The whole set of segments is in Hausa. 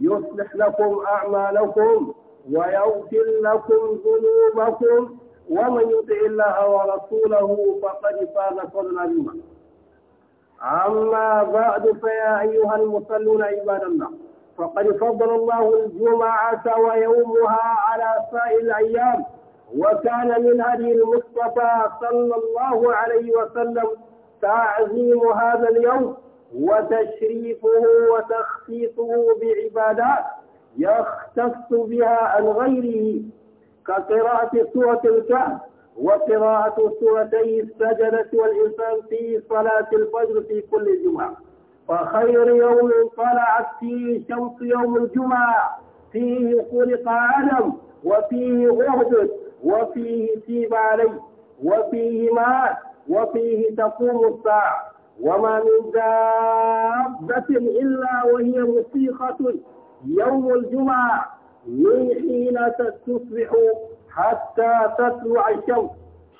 يصلح لكم أعمالكم ويغفر لكم ذنوبكم ومن يطع الله ورسوله فقد فاز فضلا عظيما أما بعد فيا أيها المصلون عباد الله فقد فضل الله الجمعة ويومها على سائر الأيام وكان من هدي المصطفى صلى الله عليه وسلم تعظيم هذا اليوم وتشريفه وتخصيصه بعبادات يختص بها عن غيره كقراءة سورة الكهف وقراءة سورتي السجدة والإنسان في صلاة الفجر في كل جمعة فخير يوم طلعت فيه شمس يوم الجمعة فيه خلق آدم وفيه غهد وفيه تيب عليه وفيه مات وفيه تقوم الساعة وما من دابة إلا وهي موسيقى يوم الجمعة من حين تصبح حتى تطلع الشمس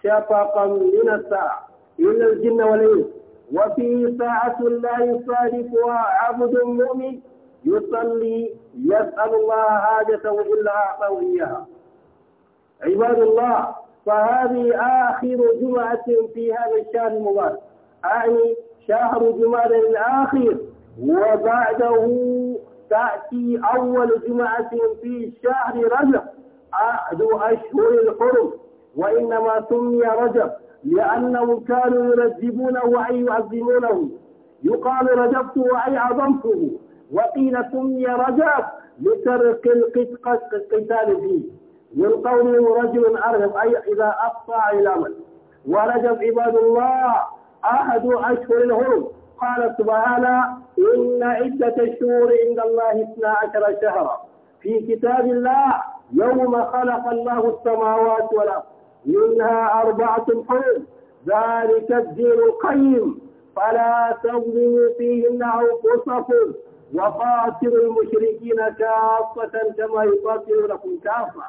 شفقا من الساعة إلا الجن والإنس وفي ساعة لا يصادفها عبد مؤمن يصلي يسأل الله حاجته إلا أعطاه إياها عباد الله فهذه آخر جمعة في هذا الشهر المبارك أعني شهر جمعة الآخر وبعده تأتي أول جمعة في شهر رجب أحد أشهر الحرم وإنما سمي رجب لأنهم كانوا يرذبونه أي يعظمونه يقال رجبت أي عظمته وقيل سمي رجب لترك القتال فيه من قوله رجل أرهب أي إذا أقطع من ورجب عباد الله أحد أشهر الهرم قال سبحانه إن عدة الشهور عند الله اثنا عشر شهرا في كتاب الله يوم خلق الله السماوات والأرض منها أربعة حرم ذلك الدين القيم فلا تظلموا فيهن أنفسكم وقاتلوا المشركين كافة كما يقاتلونكم كافة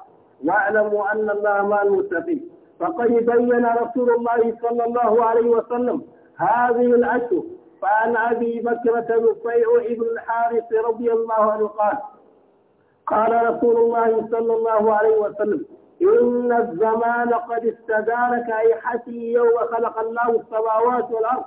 واعلموا أن الله مع المتقين فقد بين رسول الله صلى الله عليه وسلم هذه العشر فعن أبي بكرة رفيع ابن الحارث رضي الله عنه قال قال رسول الله صلى الله عليه وسلم إن الزمان قد استدار حتي يوم خلق الله السماوات والأرض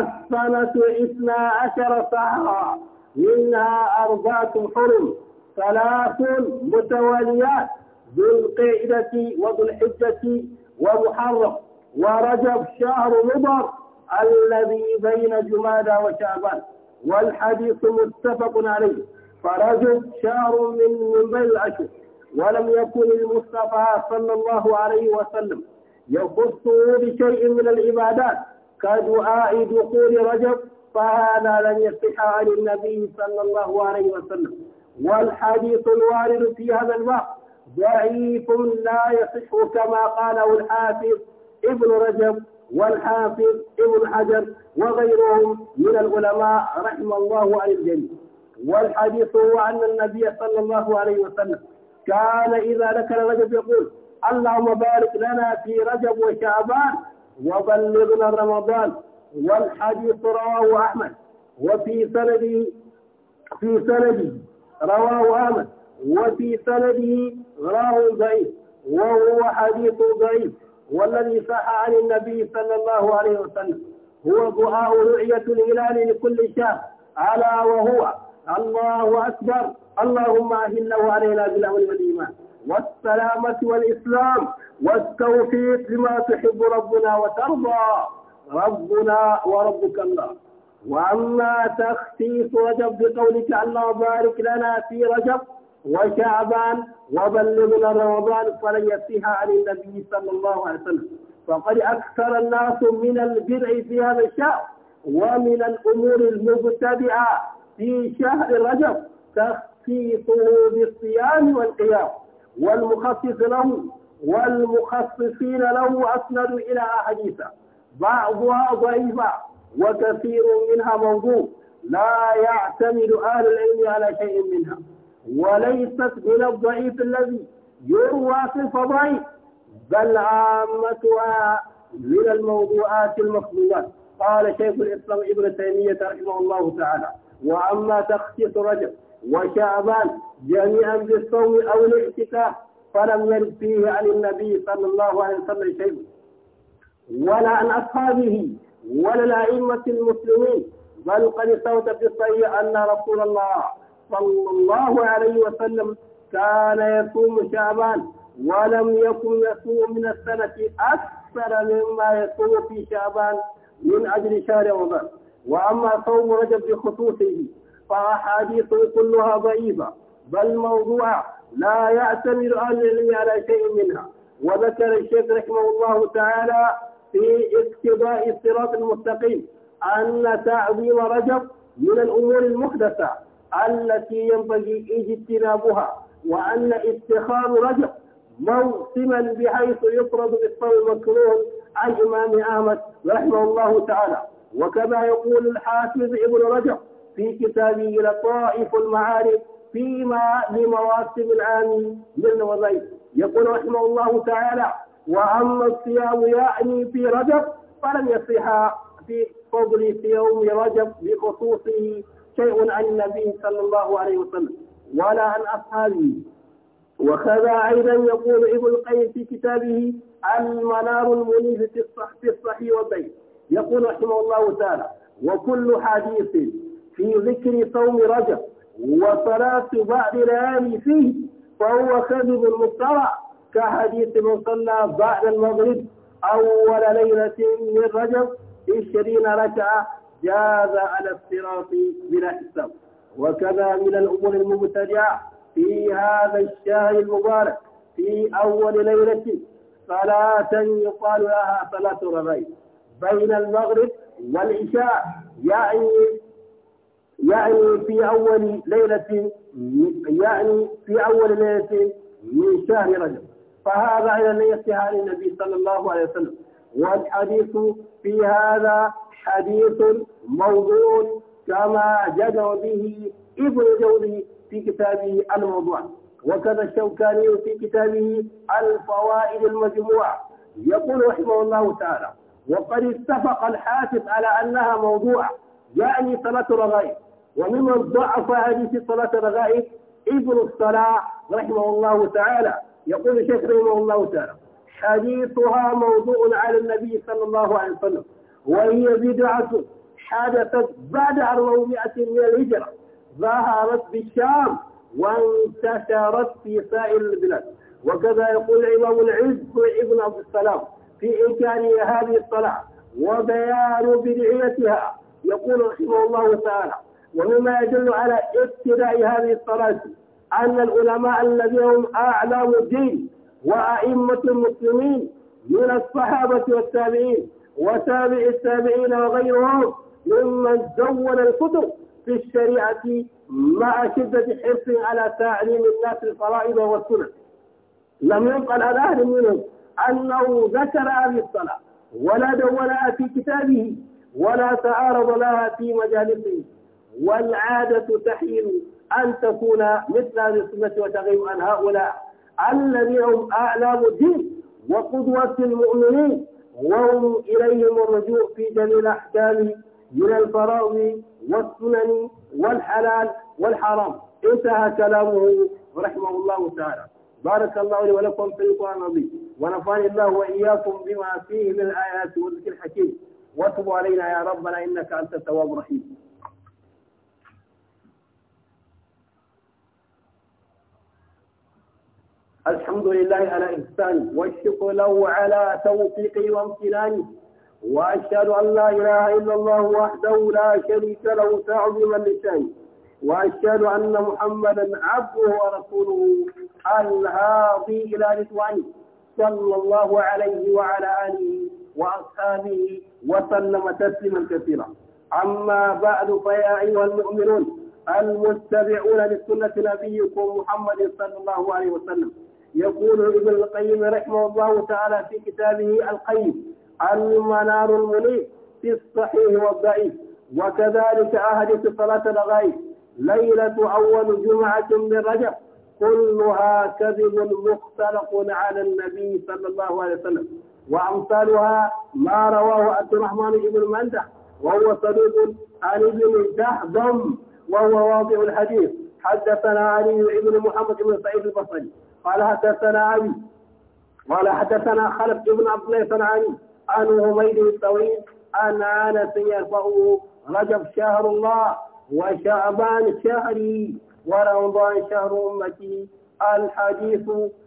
السنة إثنى عشر ساعة منها أربعة حرم ثلاث متواليات ذو القعدة وذو الحجة ومحرم ورجب شهر مضر الذي بين جمادى وشعبان والحديث متفق عليه فرجب شهر من من بين الأشهر ولم يكن المصطفى صلى الله عليه وسلم يخصه بشيء من العبادات كدعاء دخول رجب فهذا لم يصح عن النبي صلى الله عليه وسلم والحديث الوارد في هذا الوقت ضعيف لا يصح كما قاله الحافظ ابن رجب والحافظ ابن حجر وغيرهم من العلماء رحم الله عن الجميع والحديث هو أن النبي صلى الله عليه وسلم كان إذا ذكر رجب يقول اللهم بارك لنا في رجب وشعبان وبلغنا رمضان والحديث رواه أحمد وفي سنده في سنده رواه أحمد وفي سنده غار ضعيف وهو حديث ضعيف والذي صح عن النبي صلى الله عليه وسلم هو دعاء رؤية الهلال لكل شهر على وهو الله أكبر اللهم أهله علينا بالأول والإيمان والسلامة والإسلام والتوفيق لما تحب ربنا وترضى ربنا وربك الله وأما تخصيص رجب بقولك الله بارك لنا في رجب وشعبان وبلغنا رمضان فلن يفتها عن النبي صلى الله عليه وسلم فقد أكثر الناس من البدع في هذا الشهر ومن الأمور المبتدعة في شهر رجب تخصيصه بالصيام والقيام والمخصص له والمخصصين له أسندوا إلى أحاديث بعضها ضعيفة وكثير منها موضوع لا يعتمد أهل العلم على شيء منها وليست من الضعيف الذي يروى في الفضائل بل عامتها من الموضوعات المخزونات قال شيخ الإسلام ابن تيمية رحمه الله تعالى وأما تخصيص رجب وشعبان جميعا بالصوم أو الاعتكاف فلم يرد فيه عن النبي صلى الله عليه وسلم شيء ولا عن أصحابه ولا الأئمة المسلمين بل قد استوت في الصحيح أن رسول الله صلى الله عليه وسلم كان يصوم شعبان ولم يكن يصوم من السنة أكثر مما يصوم في شعبان من أجل شهر رمضان وأما صوم رجب بخصوصه فأحاديثه كلها ضعيفة بل موضوعة لا يعتمد أهل العلم على شيء منها وذكر الشيخ رحمه الله تعالى في اقتضاء الصراط المستقيم أن تعظيم رجب من الأمور المحدثة التي ينبغي اجتنابها وأن اتخاذ رجب موسما بحيث يطرد بالصوم المكروه الإمام أحمد رحمه الله تعالى وكما يقول الحافظ ابن رجب في كتابه لطائف المعارف فيما لمواسم العام من وضيف يقول رحمه الله تعالى وأما الصيام يعني في رجب فلم يصح في فضل صيام رجب بخصوصه شيء عن النبي صلى الله عليه وسلم ولا عن أصحابه وكذا أيضا يقول ابن القيم في كتابه المنار المنيف في الصحيح والبيت يقول رحمه الله تعالى وكل حديث في ذكر صوم رجب وصلاة بعض ليالي فيه فهو كذب مفترى كحديث من صلى بعد المغرب أول ليلة من رجب عشرين ركعة جاز على الصراط بلا حساب وكذا من الأمور المبتدعة في هذا الشهر المبارك في أول ليلة صلاة يقال لها صلاة الرغيب بين المغرب والعشاء يعني يعني في أول ليلة يعني في أول ليلة من شهر رجب فهذا إلى ليلة النبي صلى الله عليه وسلم والحديث في هذا حديث موضوع كما جدع به ابن جوزي في كتابه الموضوع وكذا الشوكاني في كتابه الفوائد المجموعة يقول رحمه الله تعالى وقد اتفق الحاسب على أنها موضوعة يعني صلاة الرغائب وممن ضعف حديث صلاة الرغائب ابن الصلاح رحمه الله تعالى يقول الشيخ رحمه الله تعالى حديثها موضوع على النبي صلى الله عليه وسلم وهي بدعة حدثت بعد 400 من الهجرة ظهرت بالشام وانتشرت في سائر البلاد وكذا يقول الإمام العز ابن عبد السلام في إمكانية هذه الصلاة وبيان بدعيتها يقول رحمه الله تعالى ومما يدل على ابتداء هذه الصلاة أن العلماء الذين هم أعلام الدين وأئمة المسلمين من الصحابة والتابعين وتابع التابعين وغيرهم ممن زون الكتب في الشريعة مع شدة حرص على تعليم الناس الفرائض والسنن لم ينقل عن أهل منهم أنه ذكر هذه الصلاة ولا دونها في كتابه ولا تعارض لها في مجالسه والعادة تحيل أن تكون مثل هذه السنة وتغيب عن هؤلاء الذين هم أعلام الدين وقدوة المؤمنين وهم إليهم الرجوع في جميع الأحكام من الفراغ والسنن والحلال والحرام انتهى كلامه رحمه الله تعالى بارك الله لي ولكم في القرآن العظيم ونفعني الله وإياكم بما فيه من الآيات والذكر الحكيم وتب علينا يا ربنا إنك أنت التواب الرحيم الحمد لله على إحساني والشكر له على توفيقي وامتناني وأشهد أن لا إله إلا الله وحده لا شريك له تعظيما لساني وأشهد أن محمدا عبده ورسوله الهادي إلى رضوانه صلى الله عليه وعلى آله وأصحابه وسلم تسليما كثيرا أما بعد فيا أيها المؤمنون المتبعون لسنة نبيكم محمد صلى الله عليه وسلم يقول ابن القيم رحمه الله تعالى في كتابه القيم المنار المنير في الصحيح والضعيف وكذلك أحاديث صلاة الغيب ليلة أول جمعة من رجب كلها كذب مختلق على النبي صلى الله عليه وسلم وأمثالها ما رواه عبد الرحمن بن مندح وهو صديق علي بن دهضم وهو واضع الحديث حدثنا علي بن محمد بن سعيد البصري قال حدثنا علي قال حدثنا خلف بن عبد الله بن علي عن عبيد الطويل ان انس يرفعه رجب شهر الله وشعبان شهري ورمضان شهر امتي الحديث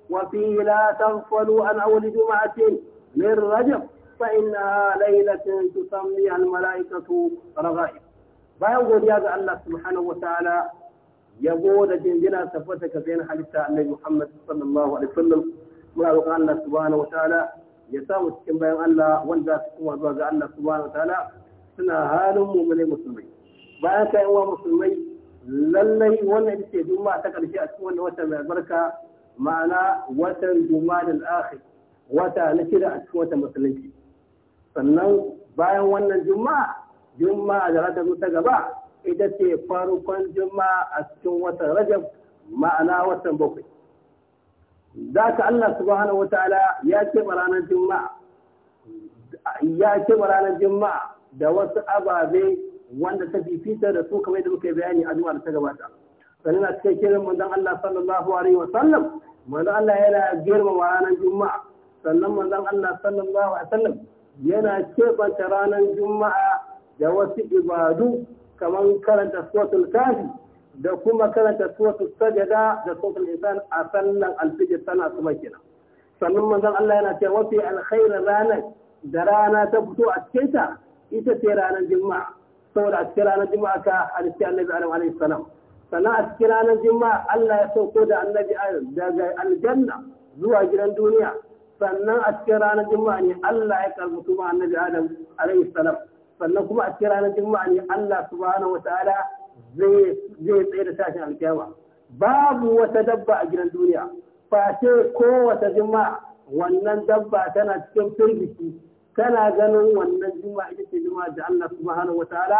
وفيه لا تغفلوا عن اول جمعه من رجب فإنها ليلة تسميها الملائكة رغائب. بايو الله سبحانه وتعالى yabo da jin jingina tabbata ka bayan halitta annabi Muhammad sallallahu alaihi wasallam muna roƙon Allah subhanahu wataala ya samu cikin bayan Allah wanda su kuma zuwa ga Allah subhanahu wataala suna halin mu'minai musulmai bayan kai wa musulmai lallai wannan ita ce juma'a ta karshe a cikin wannan wata mai albarka ma'ana watan juma al-akhir wata na shida a cikin wata musulunci sannan bayan wannan juma'a juma'a da za ta zo ta gaba ita ce farukon juma'a a cikin watan rajab ma'ana watan bakwai za ka Allah subhanahu wata'ala ya ce ranar juma'a ya ce ranar juma'a da wasu ababe wanda ta fifita da su kamar da muka bayani a juma'a da ta gabata sannan a cikin kiran manzon Allah sallallahu alaihi wa sallam manzon Allah yana girmama ranar juma'a sannan manzon Allah sallallahu alaihi wa sallam yana ce ranar juma'a da wasu ibadu kamar karanta suratul kafi da kuma karanta suratul sajada da suratul insan a sallan alfijir sana kuma kenan sannan manzon Allah yana cewa mafi alkhairin ranar da rana ta fito a cikin ta ita ce ranar juma'a saboda a cikin ranar juma'a ka halitta annabi adam alaihi salam sannan a cikin ranar juma'a Allah ya sauko da annabi adam daga aljanna zuwa gidan duniya sannan a cikin ranar juma'a ne Allah ya karbi kuma annabi adam alaihi salam sannan kuma a cikin ranar juma'a ne Allah subhanahu wa ta'ala zai tsaye da tashin alkiyama babu wata dabba a gidan duniya face kowace juma'a wannan dabba tana cikin firgici tana ganin wannan juma'a ita ce juma'a da Allah subhanahu wa ta'ala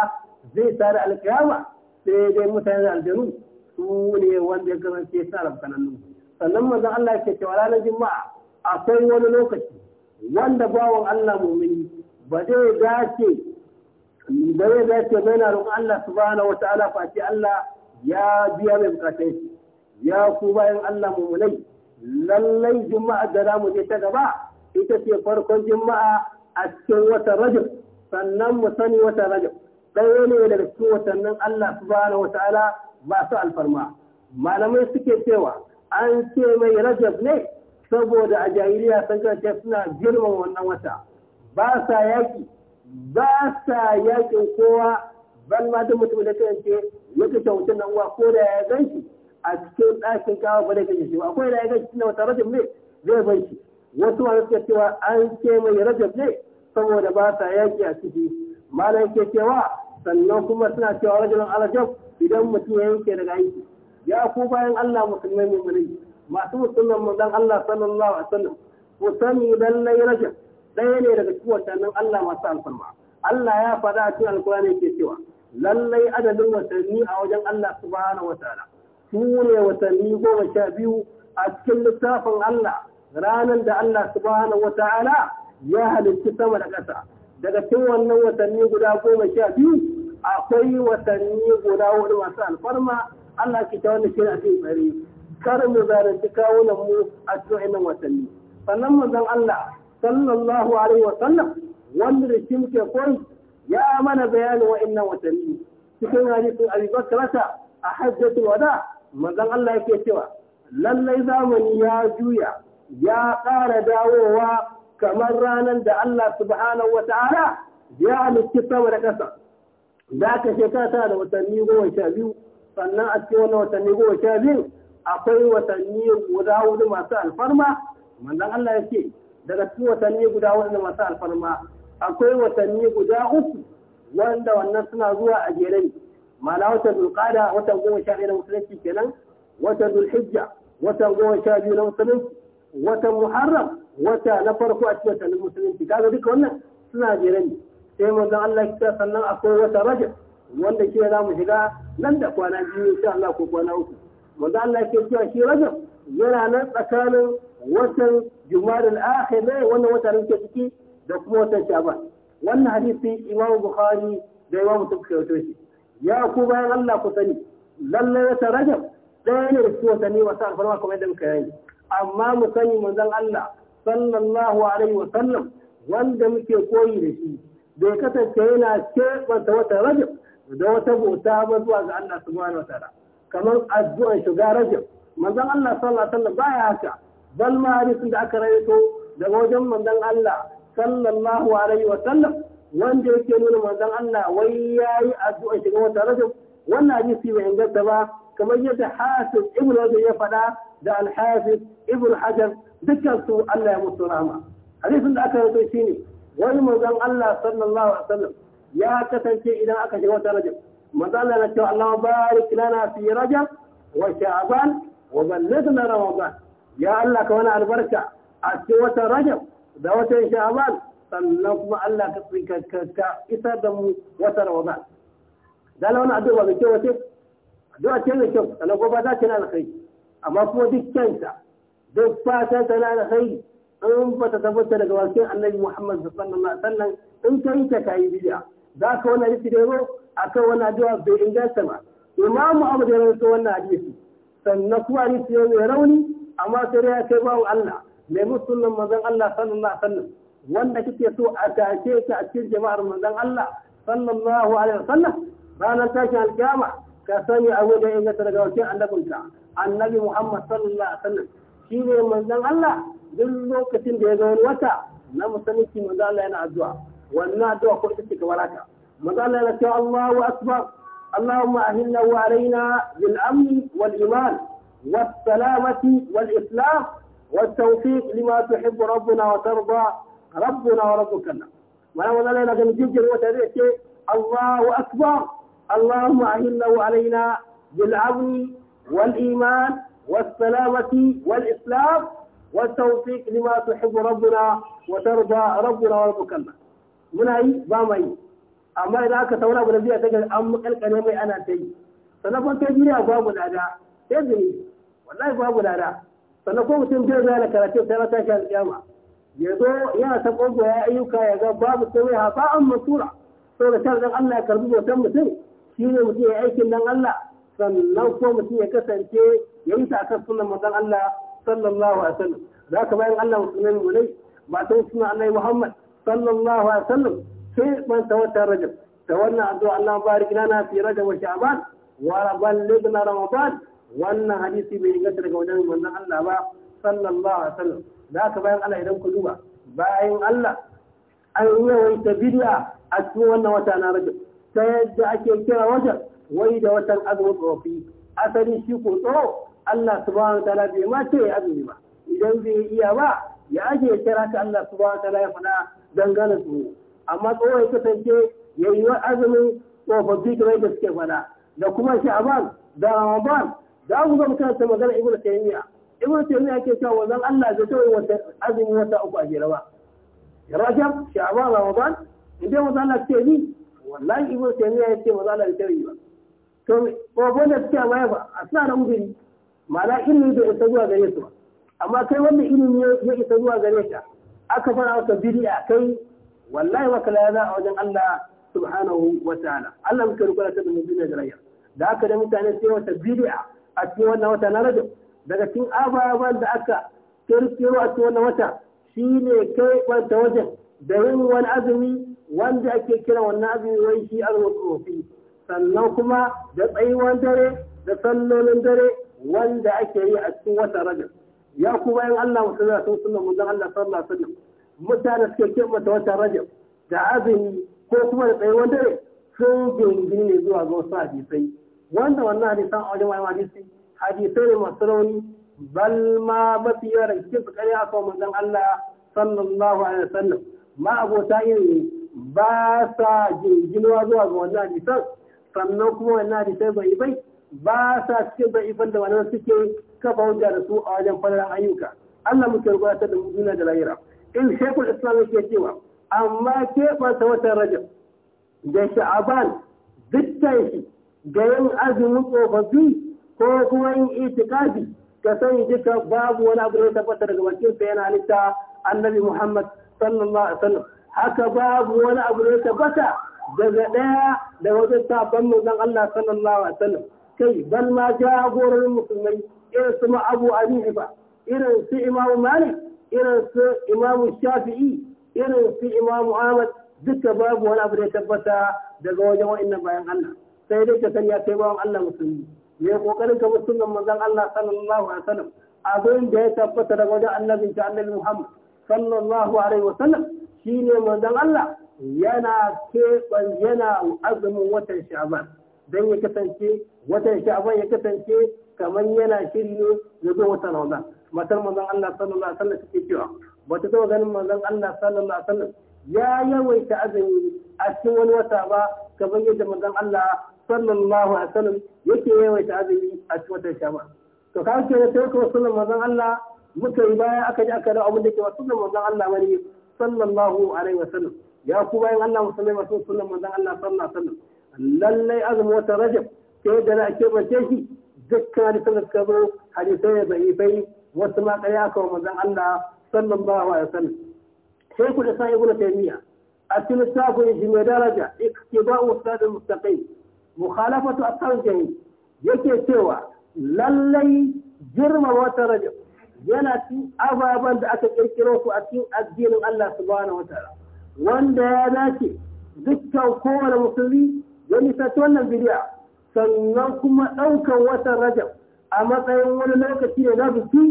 zai tare alkiyama sai dai mutane da aljanu su ne wanda ya sa suna rabkanannu sannan mazan Allah ce cewa ranar juma'a akwai wani lokaci wanda bawan Allah mumini ba zai dace da zai zai ce bai na roƙon Allah subhanahu wata'ala Allah ya biya mai bukatun shi ya ku bayan Allah mummunai lallai juma'a da za mu je ta gaba ita ce farkon juma'a a cikin wata rajab sannan mu sani wata rajab ɗaya ne daga cikin watannin Allah subhanahu wata'ala ba su alfarma malamai suke cewa an ce mai rajab ne saboda a jahiliya sun suna girman wannan wata ba sa yaki ba sa yakin kowa ban ma duk mutum da ta yanke kashe mutum nan wa ko da ya gan shi a cikin ɗakin kawo ba da kashe shi akwai da ya gan shi tunda wata rajab ne zai ban shi wasu wani suka cewa an ce mai rajab ne saboda ba sa yaki a ciki malam ke cewa sannan kuma suna cewa rajulun alajab idan mutum ya yanke daga aiki ya ku bayan Allah musulmai mu masu musulman mu dan Allah sallallahu alaihi wasallam ku sani lallai rajab ɗaya ne daga cikin wasannin Allah masu alfarma Allah ya faɗa a cikin alkurani ke cewa lallai adadin watanni a wajen Allah subhanahu wataala su ne watanni goma sha biyu a cikin littafin Allah ranar da Allah subhanahu wataala ya halitta sama da ƙasa daga cikin wannan watanni guda goma sha biyu akwai watanni guda wani masu alfarma Allah ke ta wani shirin a cikin tsari kar mu zalunci kawunan mu a cikin watanni sannan mu zan Allah sallallahu alaihi wa sallam wanda da shi muke koyi ya mana bayanin wa'annan watanni cikin hadisin Abi Bakrata a hajjatul wada manzon Allah yake cewa lallai zamani ya juya ya ƙara dawowa kamar ranar da Allah subhanahu wa ta'ala ya halitti sama da ƙasa da aka shekara tana da watanni goma sha biyu sannan a cikin wannan watanni goma sha biyu akwai watanni guda hudu masu alfarma manzon Allah ya ce daga cikin watanni guda wanda masu alfarma akwai watanni guda uku wanda wannan suna zuwa a jere ma'ana wata dulqada watan goma sha biyu na musulunci kenan Wata dulhijja watan goma sha biyu na musulunci Wata muharram wata na farko a cikin watannin musulunci kaga duka wannan suna jere ne sai manzon Allah ya ce sannan akwai wata rajab wanda shi za mu shiga nan da kwana biyu insha Allah ko kwana uku manzon Allah ya ce shi rajab yana nan tsakanin watan jumadal akhir ne wannan wata ne ke ciki da kuma watan shaban wannan hadisi imam bukhari da imam muslim suka rawaito shi ya ku bayan Allah ku sani lalle wata rajab ɗaya ne da su watanni masu alfarma kamar yadda muka yi amma mu sani manzon Allah sallallahu alaihi wa sallam wanda muke koyi da shi bai kasance yana keɓanta wata rajab da wata bauta ba zuwa ga Allah subhanahu wa ta'ala kamar addu'an shiga rajab manzon Allah sallallahu alaihi wa sallam baya haka bal ma hadisin da aka rawaito daga wajen manzon Allah sallallahu alaihi wa sallam wanda yake nuna manzon Allah wai yayi addu'a shiga wata rajab wannan hadisi bai inganta ba kamar yadda Hafiz Ibn Hajar ya faɗa da Al-Hafiz Ibn Hajar dukkan su Allah ya musu rahama hadisin da aka rawaito shine wani manzon Allah sallallahu alaihi wa sallam ya kasance idan aka shiga wata rajab manzon Allah ya ce Allah barik lana fi rajab wa sha'ban wa ballagna ramadan ya Allah ka wani albarka a cikin watan rajab da watan sha'aban sannan kuma Allah ka ka isar da mu watan ramadan da lawan addu'a mai kyau wace addu'a ce mai kyau sannan gobe za ta na alkhairi amma kuma duk kyanta duk fatan ta na alkhairi in ba ta tabbata daga wasu annabi Muhammad sallallahu alaihi wasallam in ka yi ta kai bid'a za ka wani hadisi da yaro a akan wani addu'a bai inganta ba imamu Abu da ya rawaito wannan hadisi sannan kuma hadisi ne mai rauni amma sai ya kai bawo Allah mai musulman manzon Allah sallallahu alaihi wasallam wanda kike so a take ka a cikin jama'ar manzon Allah sallallahu alaihi wasallam ranar tashin alkiyama ka sani wajen da inganta daga wakil annabinka annabi Muhammad sallallahu alaihi wasallam shi ne manzon Allah duk lokacin da ya ga wani wata na musulunci manzon Allah yana addu'a wannan addu'a ko ita ka waraka manzon Allah ya ce Allahu akbar اللهم bil amn wal iman. والسلامة والإصلاح والتوفيق لما تحب ربنا وترضى ربنا وربك الله ولو ذلك لكن جدا وتذكر الله أكبر اللهم أهله علينا بالعون والإيمان والسلامة والإسلام والتوفيق لما تحب ربنا وترضى ربنا وربك الله من أي بام أي أما إذا كتبنا بنبيه تجد أم أنا أنا تجي سنفهم تجري أبواب الأداء sai ne wallahi babu lada sannan ko mutum zai zai da karatu sai rata shi alƙiyama ya zo yana ta ƙogo ya ayyuka ya ga babu komai hafa an masura saboda tar dan Allah ya karbi hoton mutum shi ne mutum ya aikin nan Allah sannan ko mutum ya kasance ya yi ta akan sunan manzon Allah sallallahu alaihi wasallam za ka bayan Allah musulmi mu ne ba ta sunan Allah Muhammad sallallahu alaihi wasallam sai man tawata rajab ta wannan addu'a Allah barik lana fi rajab wa sha'ban wa ballighna ramadan wannan hadisi bai inganta daga wajen manzon Allah ba sallallahu alaihi wasallam da aka bayan Allah idan ku duba bayan Allah an yawaita bid'a a cikin wannan wata na rajab ta yadda ake kira wajen wai da watan azumin tsofi asali shi ko tsoro Allah subhanahu wataala bai ma ce ya azumi ba idan bai iya ba ya ake kira ka Allah subhanahu wataala ya faɗa dangane su amma tsoro ya kasance ya yi wa azumin tsofaffi kamar da suke faɗa da kuma sha'aban da ramadan da an gama karanta magana ibn taymiya ibn taymiya ke cewa wannan Allah zai tawaye wata azumi wata uku a jira ba rajab sha'ban ramadan idan wannan Allah ce ni wallahi ibn taymiya ya ce wanda Allah zai tawaye ba to ko bane ta waya ba a sa da ubiri ma'ana ilimi da ita zuwa gare su amma kai wanda ilmi ya ita zuwa gare ta aka fara maka bidiya kai wallahi maka lana a wajen Allah subhanahu wa ta'ala Allah muke rubuta da mu da rayya da aka da mutane sai wata bidiya a cikin wannan wata na rajab daga cikin ababen da aka kirkiro a cikin wannan wata shine kai wanta wajen da yin wani azumi wanda ake kira wannan azumi wai shi azumin tsofi sannan kuma da tsayuwan dare da sallolin dare wanda ake yi a cikin wata rajab ya kuma yin Allah musulma sun sunna manzon Allah sallallahu alaihi wasallam mutane suke wata rajab da azumi ko kuma da tsayuwan dare sun ne zuwa ga wasu hadisai wanda wannan hadisan a wajen wayan hadisi hadisai ne masu rauni bal ma ba su yi cikin su kare aka manzon Allah sallallahu alaihi wasallam ma abota ba sa jinginuwa zuwa ga wannan hadisan sannan kuma wannan hadisai bai bai ba sa cikin da'ifan da wannan suke kafa hujja da su a wajen fadaran ayyuka Allah muke rubuta da duniya da lahira in shekul islam yake cewa amma keɓanta watan rajab da sha'aban dukkan shi ga yin azumin tsofaffi ko kuma yin itikafi ka sani duka babu wani abu da ya tabbata daga bakin sa yana halitta annabi Muhammad sallallahu alaihi wasallam haka babu wani abu da ya tabbata daga daya da wajen sabon manzon Allah sallallahu alaihi wasallam kai bal ma jagororin musulmai irin su ma Abu ba irin su Imam Malik irin su Imam Shafi'i irin su Imam Ahmad duka babu wani abu da ya tabbata daga wajen wa'annan bayan Allah sai dai ka sani ya kai bawan Allah musulmi me kokarin ka musulman manzon Allah sallallahu alaihi wasallam abin da ya tabbata daga wajen annabin ta annabi Muhammad sallallahu alaihi wasallam shine manzon Allah yana keɓan yana azumin watan Sha'ban dan ya kasance watan Sha'ban ya kasance kamar yana shiri ne ya zo watan Ramadan matar manzon Allah sallallahu alaihi wasallam take cewa bata taɓa ganin manzon Allah sallallahu alaihi wasallam ya yawaita azumi a cikin wani wata ba kamar yadda manzon Allah sallallahu alaihi wasallam yake yawaita azumi a cikin watan sha'ban to ka ce da sai kuma sunan manzon Allah muka yi baya aka ji aka rabu abin da ke wa sunan manzon Allah bane sallallahu alaihi wasallam ya ku bayan Allah musulmai masu sunan manzon Allah sallallahu alaihi wasallam lallai azumin wata rajab sai da na ke ba kebace shi dukkan hadisan da suka zo hadisai da ifai wasu ma ƙarya aka wa manzon Allah sallallahu alaihi wasallam sai ku da sai ibnu taymiya a cikin littafin shi mai daraja iqtida'u sadil mustaqim mukhalafatu ashabil yake cewa lallai girma wata rajab yana cikin ababen da aka kirkiro su a cikin addinin Allah subhanahu wataala wanda ya dace dukkan kowane musulmi ya nisanci wannan bidiya sannan kuma ɗaukar watan rajab a matsayin wani lokaci ne na biki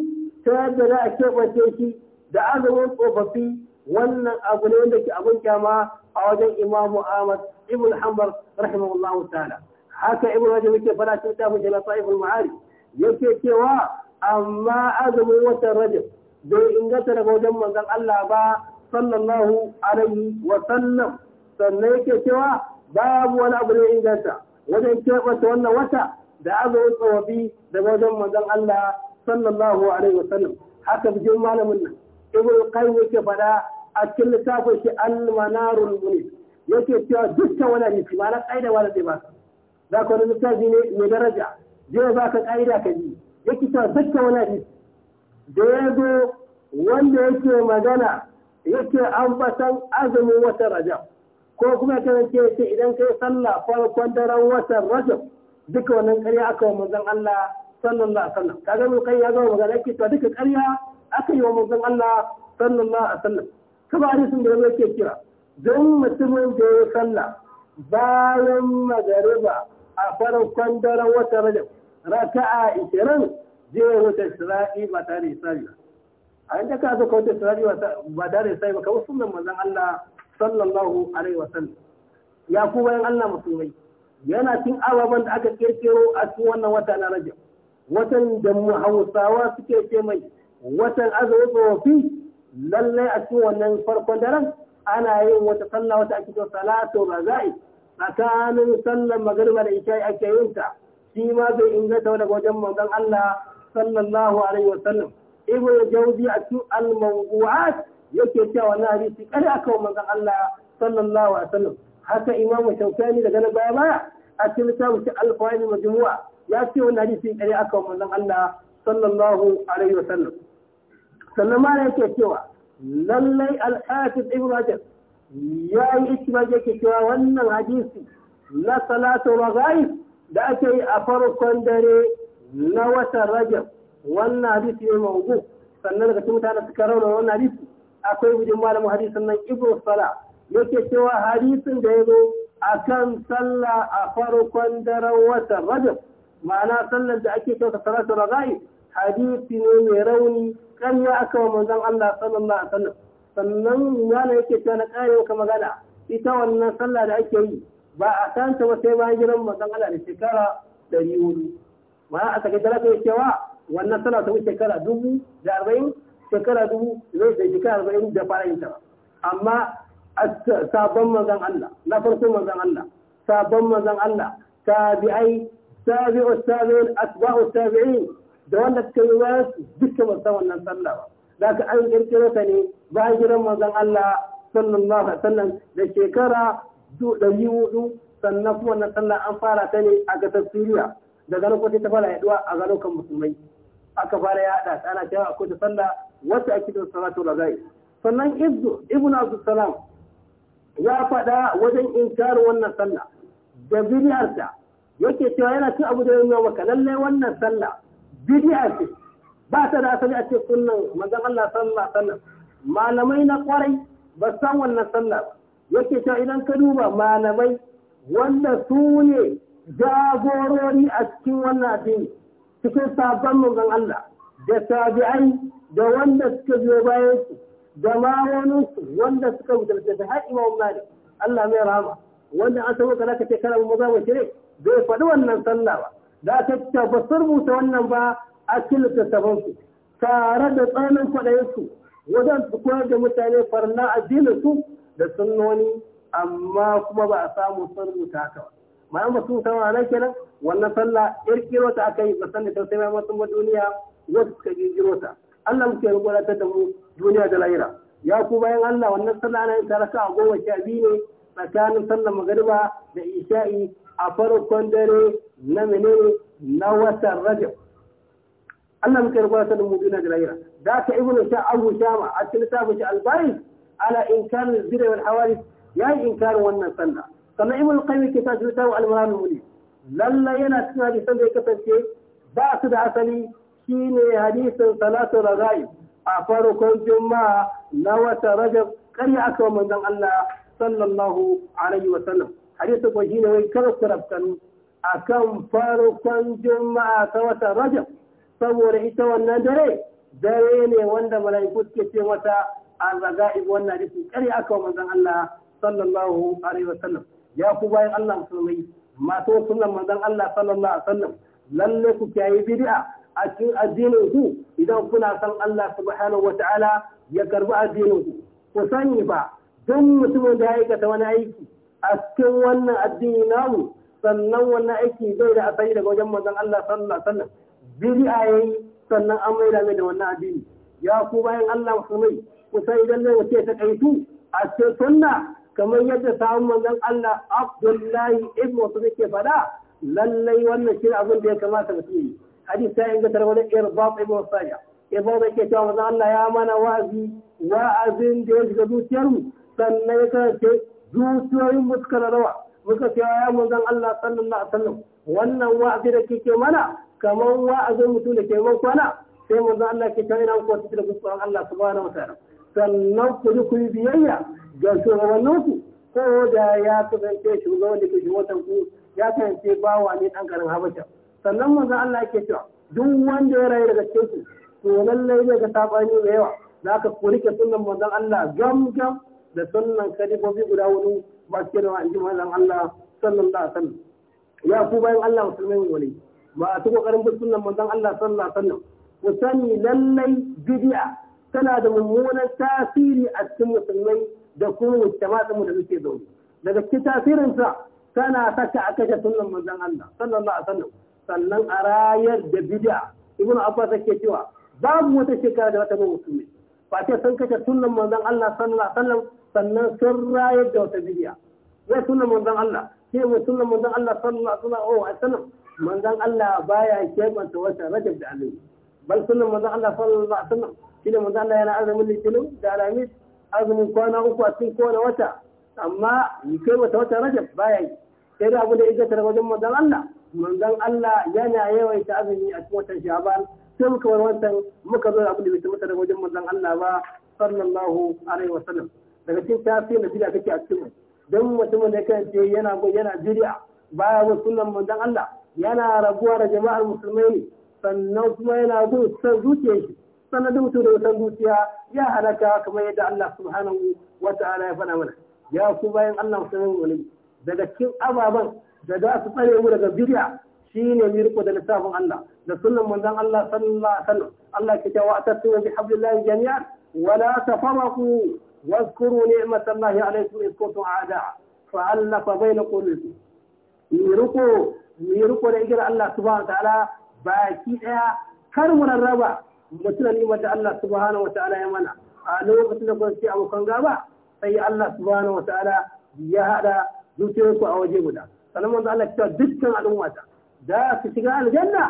ta yadda za a keɓance shi da azumin tsofaffi wannan abu ne wanda ke abun kyama a wajen imamu ahmad ibn hanbal rahimahullahu ta'ala haka ibn wajen muke fara cikin tafin shi lasaiful ma'ari yake cewa amma azumin watan rajab bai inganta daga wajen manzon Allah ba sallallahu alaihi wa sallam sannan yake cewa babu wani abu ne inganta wajen keɓanta wannan wata da azumin tsawabi daga wajen manzon Allah sallallahu alaihi wa sallam haka bijin malamin nan ibn qayyim yake fada a cikin littafin shi almanarul muni yake cewa dukkan wani hadisi ma na ƙaida wani zai ba za ka wani littafi ne mai daraja zai ba ka ƙa'ida ka ji yake cewa dukkan wani hadisi da ya zo wanda yake magana yake ambatan azumin watan rajab ko kuma ka zance ce idan kai sallah farkon daren watan rajab duka wannan ƙarya aka wa manzon Allah sallallahu alaihi wasallam kaga mun kai ya ga magana yake cewa duka ƙarya aka yi wa manzon Allah sallallahu alaihi wasallam kuma hadisin da yake kira don mutumin da ya salla bayan magariba a farkon daren wata rajab raka'a 20 zai wuce isra'i ba tare isra'i a yanda ka zo kawai wuce isra'i ba tare Ka ba kawai sunan manzon Allah sallallahu alaihi wasallam ya ku bayan Allah musulmai yana cin ababen da aka kirkiro a cikin wannan wata na rajab watan da mu hausawa suke ce mai watan azumi tsofi lallai a cikin wannan farkon daren ana yin wata sallah wata ake cewa salatu baza'i tsakanin sallar magariba da isha ake yin ta shi ma bai inganta wani wajen manzon Allah sallallahu alaihi wa wasallam ibnu jawzi a cikin al-mawdu'at yake cewa wannan hadisi kare aka wa manzon Allah sallallahu alaihi wa sallam haka imamu shaukani daga na baya baya a cikin littafin al-fawaid majmu'a ya ce wannan hadisi kare aka wa manzon Allah sallallahu alaihi wa sallam. sannan ma yake cewa lallai al-hafiz ibn hajar ya yi ittifaq yake cewa wannan hadisi na salatu raghaib da ake yi a farkon dare na watan rajab wannan hadisi ne mawdu sannan daga cikin mutane suka rauna wannan hadisi akwai wajen malamin hadisin nan ibn sala yake cewa hadisin da ya zo kan sallah a farkon daren watan rajab ma'ana sallar da ake kyauta salatu raghaib hadisi ne mai rauni ƙarya aka wa manzon Allah sallallahu alaihi wasallam sannan ne yake cewa na ƙare maka magana ita wannan sallah da ake yi ba a san ta ba sai bayan gidan manzon Allah da shekara ɗari hudu ma'ana a sake talaka ya cewa wannan sallah ta wuce shekara dubu da arba'in shekara dubu zai da shekara arba'in da fara yin ta amma sabon manzon Allah na farko manzon Allah sabon manzon Allah tabi'ai tabi'u tabi'in asba'u tabi'in da wanda suka yi wa su duka ba wannan sallah ba da aka an kirkiro ta ne bayan gidan manzon Allah sallallahu alaihi wasallam da shekara ɗari hudu sannan kuma na sallah an fara ta ne a gasar Da daga lokacin ta fara yaduwa a garukan musulmai aka fara yada ta ana cewa akwai ta sallah wacce ake da salatu lazai sannan ibnu ibnu abdul salam ya faɗa wajen inkar wannan sallah da zuriyarsa yake cewa yana cin abu da ya yi maka lallai wannan sallah bidia ce ba ta da asali a ce sunnan manzon Allah sallallahu alaihi wasallam malamai na kwarai ba san wannan sallah ba yake cewa idan ka duba malamai wanda su ne jagorori a cikin wannan addini cikin sabon manzon Allah da tabi'ai da wanda suka biyo bayan su da ma wani wanda suka wutarce da har imam mali Allah mai rahama wanda an san ka zaka ce kana mu maza mace ne bai faɗi wannan sallah ba za ta ce ba ta wannan ba a kilita sabansu tare da tsananin kwaɗayinsu wajen su koyar da mutane farna su da sunnoni amma kuma ba a samu sun rubuta haka ba ma'an ba sun sama nan kenan wannan sallah irkiro ta aka yi ba da tausayi mai ba duniya wasu suka kirkiro ta Allah muke rubuta da mu duniya da lahira ya ku bayan Allah wannan sallah ana yin taraka a goma sha biyu ne tsakanin sallar magariba da isha'i a farkon dare na menene na watan rajab Allah muka rubuta sanin mu dina da lahira da ka ibnu sha abu shama a cikin tafi shi albari ala inkar zira wal hawadith ya yi inkarin wannan sallah sannan ibnu qayyim ke ta cikin tafi al muni lalla yana cikin hadisan da ya kasance ba su da asali shine hadisin salatu ragai a farkon juma'a na wata rajab karya aka wa manzon Allah sallallahu alaihi wa sallam hadisin ko shine wai kar ku rabtanu a kan farkon juma'a ta watan rajab saboda ita wannan dare dare ne wanda mala'iku suke ce mata al-raga'ib wannan hadisi kare aka wa manzon Allah sallallahu alaihi wasallam ya ku bayan Allah musulmai masu sunan manzon Allah sallallahu alaihi wasallam lalle ku kiyaye bid'a a cikin addinin ku idan kuna san Allah subhanahu wata'ala ya karbi addinin ku ku sani ba don mutumin da ya aikata wani aiki a cikin wannan addini namu sannan wannan aiki zai da asali daga wajen manzon Allah sallallahu alaihi wasallam sannan an maida mai da wannan addini ya ku bayan Allah musulmai ku sai idan ne wace ta kaitu a cikin sunna kamar yadda samun manzon Allah Abdullahi ibn Mas'ud yake fada lallai wannan shi abin da ya kamata mutum yi hadisi ya inganta da wani irbab ibn Sa'ya irbab yake cewa manzon Allah ya mana wazi wa'azin da ya shiga zuciyarmu sannan ya kasance zuciyoyin mu suka rawa muka cewa ya manzon Allah sallallahu alaihi wasallam wannan wa'azi da kike mana kamar wa'azin mutum da ke man kwana sai manzon Allah ke tare nan ku tafi da tsoron Allah subhanahu wataala sannan ku ji ku biyayya ga shugabannin ku ko da ya kasance shugaban da ke shugaban ku ya kasance bawa ne dan garin Habasha sannan manzon Allah ke cewa duk wanda ya rayu daga cikin ku to lallai ne ga sabani da yawa zaka ku rike sunnan manzon Allah gam gam da sannan kalifofi guda wani ba su kenan inji mallan Allah sallallahu da wasallam ya ku bayan Allah musulmai wani ba a tuko kokarin bin sunnan manzon Allah sallallahu alaihi wasallam ku sani lallai bid'a tana da mummunan tasiri a cikin musulmai da kuma mu da muke zaune daga cikin tasirinsa tana saka a kashe sunan manzon Allah sallallahu da sannan sannan a rayar da bid'a ibnu abbas yake cewa babu wata shekara da wata musulmi ba sai sun kashe sunan manzon Allah sallallahu sannan sun rayar da wata bidiya zai sunan manzon Allah sai mu sunan manzon Allah sallallahu alaihi wasallam manzon Allah baya kebanta wata rajab da azumi bal sunan manzon Allah sallallahu alaihi shi ne manzon Allah yana azumin litinin da alamis azumin kwana uku a cikin kowane wata amma yi kai wata wata rajab baya yi sai da abu da ya tare wajen manzon Allah manzon Allah yana yawaita azumi a cikin watan Sha'ban sai muka bar wancan muka zo abu da bai tabbata da wajen manzon Allah ba sallallahu alaihi wasallam daga cikin tasirin da bid'a take a cikin dan mutumin da kan ce yana yana bid'a baya bin sunnan manzon Allah yana rabuwa da jama'ar musulmai ne sannan kuma yana bin san zuciyar shi sannan da mutum da san zuciya ya halaka kamar yadda Allah subhanahu wa ta'ala ya faɗa mana ya ku bayan Allah musulmai wani daga cikin ababen da za su tsare mu daga bid'a shine mu riko da lissafin Allah da sunan manzon Allah sallallahu alaihi wasallam Allah ke cewa atattu bi hablillahi jami'an wala tafarraqu واذكروا نعمة الله عليكم إذ كنتم أعداء فألف بين قلوبكم ميركو ميركو لإجر الله سبحانه وتعالى باكي kar mu rarraba mu tuna ni'imar da Allah subhanahu wa ta'ala ya mana a lokacin da kun ce abokan gaba sai Allah subhanahu wa ta'ala ya hada zuciyarku a waje guda sannan manzo Allah ya dukkan al'umma ta da su shiga aljanna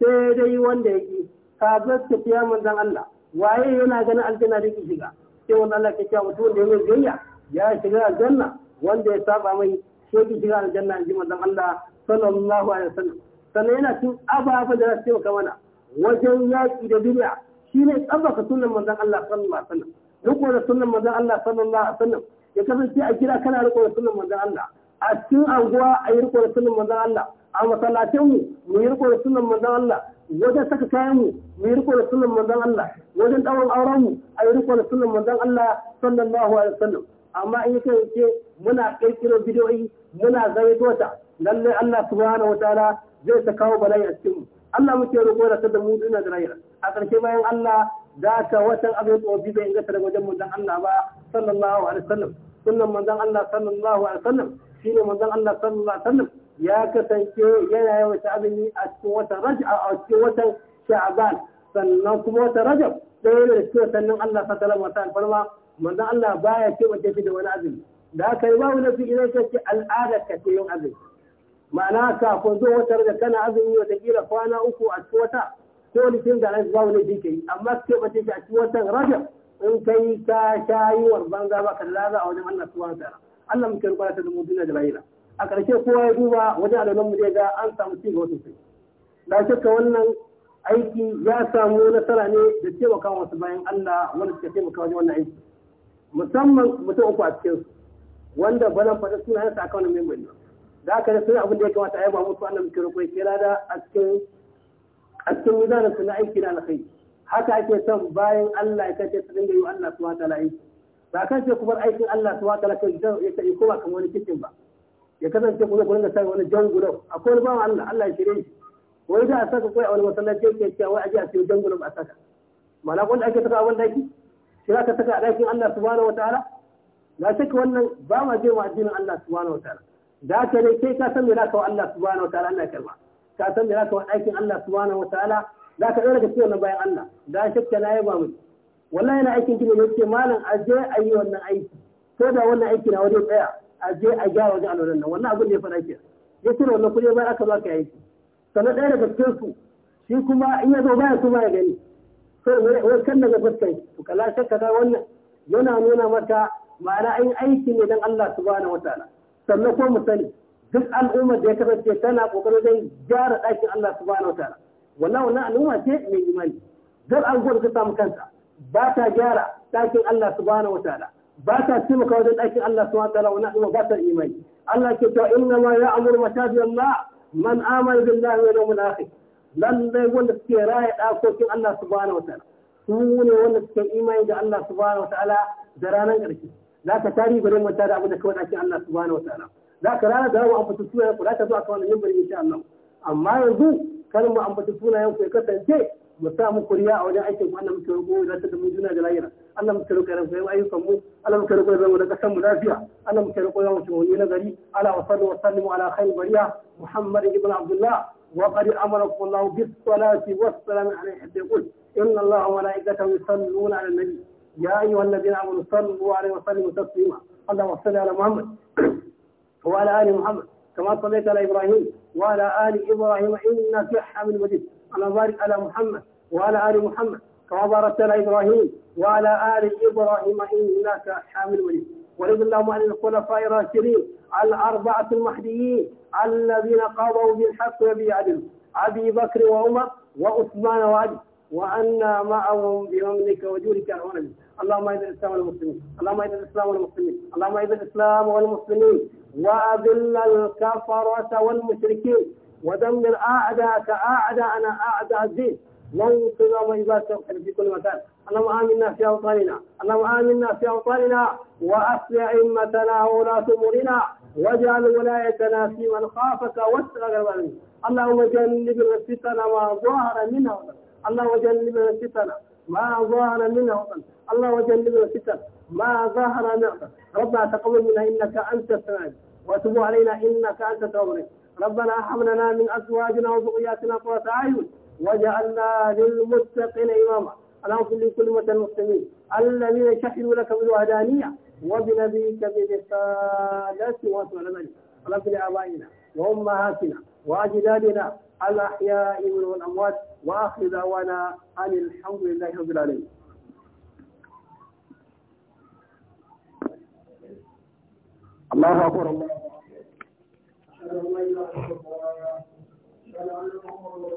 sai dai wanda yake ka manzon Allah waye yana ganin aljanna da shiga sai wani Allah ke cewa mutum da ya mai biyayya ya shiga aljanna wanda ya saba mai shi shiga aljanna in ji mazan Allah sallallahu alaihi wasallam sannan yana cin ababen da za su taimaka mana wajen yaƙi da duniya shi ne tsabaka sunan mazan Allah sallallahu alaihi wasallam riko da sunan mazan Allah sallallahu alaihi wasallam ya kasance a kira kana riko da sunan mazan Allah a cikin anguwa a yi riko da sunan mazan Allah a masallacin mu mu yi riko da sunan mazan Allah wajen saka kayan mu mu yi riko da sunan manzon Allah wajen ɗaurin auren mu a yi riko da sunan manzon Allah sallallahu alaihi wasallam amma in yake yake muna kirkiro bidiyoyi muna zai ta lalle Allah subhanahu wataala zai ta kawo bala'i a cikin mu Allah muke roƙo da kada mu duna da rayuwa a ƙarshe bayan Allah za ka watan abin tsofi bai inganta daga wajen manzon Allah ba sallallahu alaihi wasallam sunan manzon Allah sallallahu alaihi wasallam shine manzon Allah sallallahu alaihi wasallam ya kasance yana yawaita azumi a cikin watan Raja a cikin watan Sha'aban sannan kuma watan Raja, ɗaya ne da cikin sannan Allah sa talama ta alfarma manzon Allah baya ce mace shi da wani azumi da aka yi babu nafi idan ka ce al'adar ka ce yin azumi ma'ana kafin zo wata rajab kana azumi watakila kwana uku a cikin wata ko litin da nan babu nafi ka yi amma ce mace a cikin watan Raja in kai ka shayi banza ba ka da a wajen Allah subhanahu wa ta'ala Allah muke rubuta da mu duniya da lahira a ƙarshe kowa ya duba wajen alwalan mu ga an samu ci gaba sosai da shakka wannan aiki ya samu nasara ne da taimaka wasu bayan Allah wanda suka taimaka wajen wannan aiki musamman mutum uku a cikin wanda bana fata suna yin a kawai mai mai da aka da suna abin da ya kamata a yaba musu Allah muke kai ya lada a cikin a cikin mizanin su na aiki na alkhairi haka ake son bayan Allah ya kace su dinga yi Allah subhanahu wa ta'ala aiki ba kan ce kuma aikin Allah subhanahu wa ta'ala kai ya ce ko ba kamar wani kicin ba ya kasance kuma gurin da sa wani jan gulo akwai wani bawan Allah Allah ya shirye shi wai da a saka kai a wani masallaci yake cewa wai aje a siyo jan gulo a saka mana wanda ake saka a wani daki shi za ka saka a dakin Allah subhanahu wataala na shakka wannan ba ma je ma addinin Allah subhanahu wataala da ka ne kai ka san me za ka wa Allah subhanahu wataala Allah ya karba ka san me za ka wa aikin Allah subhanahu wataala za ka ɗora ka ciwon na bayan Allah da shakka na yaba mu wallahi na aikin kine ne ce malam aje ayi wannan aiki ko da wannan aiki na wajen tsaya a je a gyara wajen alwalan nan wannan abin da ya fara ke ya tura wannan kuɗi bayan aka ba ka yanki sannan ɗaya daga cikin su shi kuma in ya zo baya kuma ya gani sai wani kan daga fuskan to kala shakka da wannan yana nuna mata ma'ana an aiki ne dan Allah subhanahu wataala sannan ko mu sani duk al'ummar da ya kasance tana kokarin dan gyara ɗakin Allah subhanahu wataala wallahi wannan al'umma ce mai imani duk al'ummar ta samu kanta ba ta gyara ɗakin Allah subhanahu wataala ba ta taimaka wajen ɗakin Allah su wata wani kuma ba ta imai Allah ke cewa inna ma ya amur mashaji Allah man amal billahi wa yawmil akhir lallai wanda suke raya ɗakokin Allah subhanahu wataala su ne wanda suke imani da Allah subhanahu wataala da ranar ƙarshe za ka tari gudun mata da abu da kawai ɗakin Allah subhanahu wataala za ka rana da yawa an fita sunayen ku za ka zo a kawai yin bari insha Allah amma yanzu kar mu ambata sunayen ku ya kasance mu sa muku a wajen aikin ku Allah muke roƙo da ta da mu juna da lahira Allah muke roƙo ya rabu ayyukan mu Allah muke roƙo ya zama da kasan mu lafiya Allah muke roƙo ya mutu na gari ala wa sallu wa sallimu ala khairu bariya Muhammad ibn Abdullah وقد امركم الله بالصلاه والسلام عليه حتى يقول ان الله وملائكته يصلون على النبي يا ايها الذين امنوا صلوا عليه وسلموا تسليما اللهم صل على محمد وعلى ال محمد كما صليت على ابراهيم وعلى ال ابراهيم انك حميد مجيد اللهم بارك على محمد وعلى ال محمد وباركت على إبراهيم وعلى آل إبراهيم إنك حامل مجيد ورد اللهم عن الخلفاء الراشدين الأربعة المهديين الذين قضوا بالحق وبعدل أبي بكر وعمر وعثمان وعلي وأنا معهم بأمنك وجودك يا رب اللهم اعز الاسلام والمسلمين اللهم اعز الاسلام والمسلمين اللهم اعز الاسلام والمسلمين واذل الكفرة والمشركين ودمر اعداءك اعداءنا اعداء الدين لن يصيب الخير في كل مكان اللهم آمنا في أوطاننا اللهم آمنا في أوطاننا وأصلح أئمتنا وولاة أمورنا واجعل ولايتنا في من خافك واتقاك اللهم جنبنا الفتن ما ظهر منها اللهم جنبنا الفتن ما ظهر منها اللهم جنبنا الفتن ما ظهر منها ربنا تقبل منا إنك أنت السميع وتب علينا إنك أنت التواب ربنا حملنا من أزواجنا وذرياتنا قرة أعين وجعلنا للمتقين إماما اللهم صل لكل المسلمين الذين شهدوا لك بالوحدانية وبنبيك برسالة وأسمع ذلك اللهم صل آبائنا وأمهاتنا وأجدادنا الأحياء منهم الأموات وآخر دعوانا أن الحمد لله رب العالمين الله أكبر الله أشهد أن لا إله إلا الله